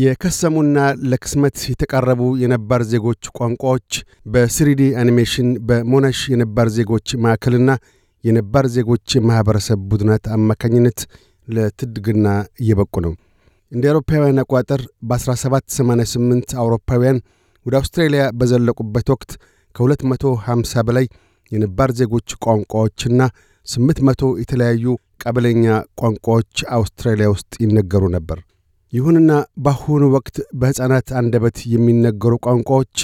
የከሰሙና ለክስመት የተቃረቡ የነባር ዜጎች ቋንቋዎች በስሪዲ አኒሜሽን በሞናሽ የነባር ዜጎች ማዕከልና የነባር ዜጎች የማኅበረሰብ ቡድናት አማካኝነት ለትድግና እየበቁ ነው። እንደ አውሮፓውያን አቋጠር በ1788 አውሮፓውያን ወደ አውስትራሊያ በዘለቁበት ወቅት ከ250 በላይ የነባር ዜጎች ቋንቋዎችና 800 የተለያዩ ቀበለኛ ቋንቋዎች አውስትራሊያ ውስጥ ይነገሩ ነበር። ይሁንና በአሁኑ ወቅት በሕፃናት አንደበት የሚነገሩ ቋንቋዎች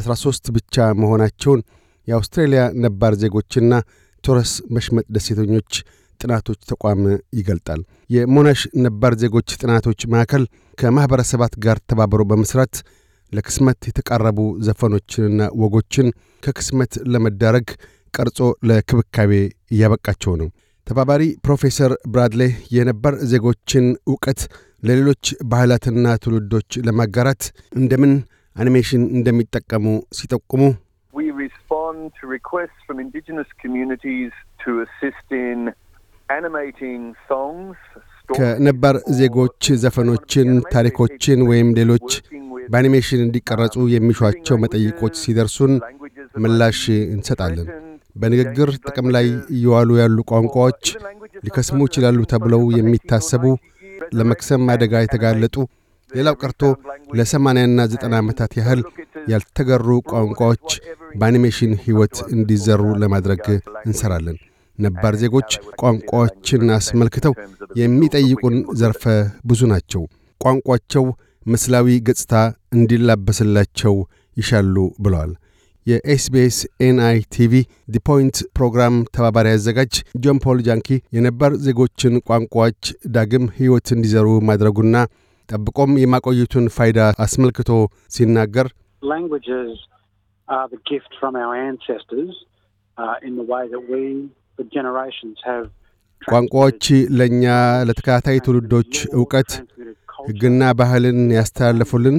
13 ብቻ መሆናቸውን የአውስትሬልያ ነባር ዜጎችና ቶረስ መሽመጥ ደሴተኞች ጥናቶች ተቋም ይገልጣል። የሞናሽ ነባር ዜጎች ጥናቶች ማዕከል ከማኅበረሰባት ጋር ተባብሮ በመሥራት ለክስመት የተቃረቡ ዘፈኖችንና ወጎችን ከክስመት ለመዳረግ ቀርጾ ለክብካቤ እያበቃቸው ነው። ተባባሪ ፕሮፌሰር ብራድሌ የነባር ዜጎችን ዕውቀት ለሌሎች ባህላትና ትውልዶች ለማጋራት እንደምን አኒሜሽን እንደሚጠቀሙ ሲጠቁሙ ከነባር ዜጎች ዘፈኖችን፣ ታሪኮችን ወይም ሌሎች በአኒሜሽን እንዲቀረጹ የሚሿቸው መጠይቆች ሲደርሱን ምላሽ እንሰጣለን። በንግግር ጥቅም ላይ እየዋሉ ያሉ ቋንቋዎች ሊከስሙ ይችላሉ ተብለው የሚታሰቡ ለመክሰም አደጋ የተጋለጡ ሌላው ቀርቶ ለሰማንያና ዘጠና ዓመታት ያህል ያልተገሩ ቋንቋዎች በአኒሜሽን ሕይወት እንዲዘሩ ለማድረግ እንሰራለን። ነባር ዜጎች ቋንቋዎችን አስመልክተው የሚጠይቁን ዘርፈ ብዙ ናቸው። ቋንቋቸው ምስላዊ ገጽታ እንዲላበስላቸው ይሻሉ ብለዋል። የኤስቢኤስ ኤንአይ ቲቪ ዲፖይንት ፕሮግራም ተባባሪ አዘጋጅ ጆን ፖል ጃንኪ የነባር ዜጎችን ቋንቋዎች ዳግም ሕይወት እንዲዘሩ ማድረጉና ጠብቆም የማቆየቱን ፋይዳ አስመልክቶ ሲናገር uh, ቋንቋዎች ለእኛ ለተከታታይ ትውልዶች እውቀት ሕግና ባህልን ያስተላለፉልን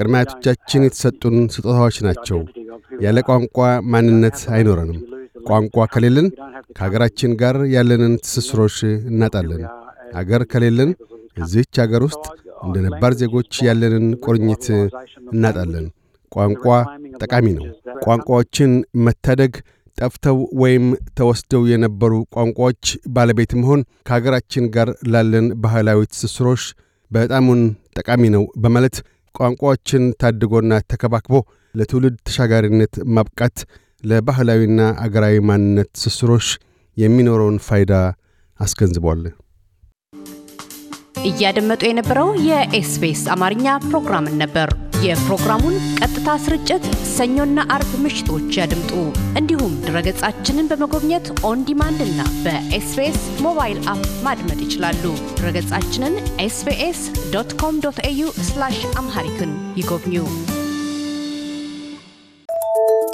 ቅድመ የተሰጡን ስጦታዎች ናቸው። ያለ ቋንቋ ማንነት አይኖረንም። ቋንቋ ከሌለን ከሀገራችን ጋር ያለንን ትስስሮች እናጣለን። አገር ከሌለን እዚህች አገር ውስጥ እንደ ነባር ዜጎች ያለንን ቁርኝት እናጣለን። ቋንቋ ጠቃሚ ነው። ቋንቋዎችን መታደግ፣ ጠፍተው ወይም ተወስደው የነበሩ ቋንቋዎች ባለቤት መሆን ከሀገራችን ጋር ላለን ባህላዊ ትስስሮች በጣሙን ጠቃሚ ነው በማለት ቋንቋዎችን ታድጎና ተከባክቦ ለትውልድ ተሻጋሪነት ማብቃት ለባህላዊና አገራዊ ማንነት ስስሮች የሚኖረውን ፋይዳ አስገንዝቧል። እያደመጡ የነበረው የኤስቢኤስ አማርኛ ፕሮግራምን ነበር። የፕሮግራሙን ቀጥታ ስርጭት ሰኞና አርብ ምሽቶች ያድምጡ። እንዲሁም ድረገጻችንን በመጎብኘት ኦንዲማንድ እና በኤስቢኤስ ሞባይል አፕ ማድመጥ ይችላሉ። ድረገጻችንን ኤስቢኤስ ዶት ኮም ዶት ኤዩ አምሃሪክን ይጎብኙ።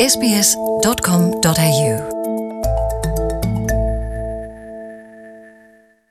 sbs.com.au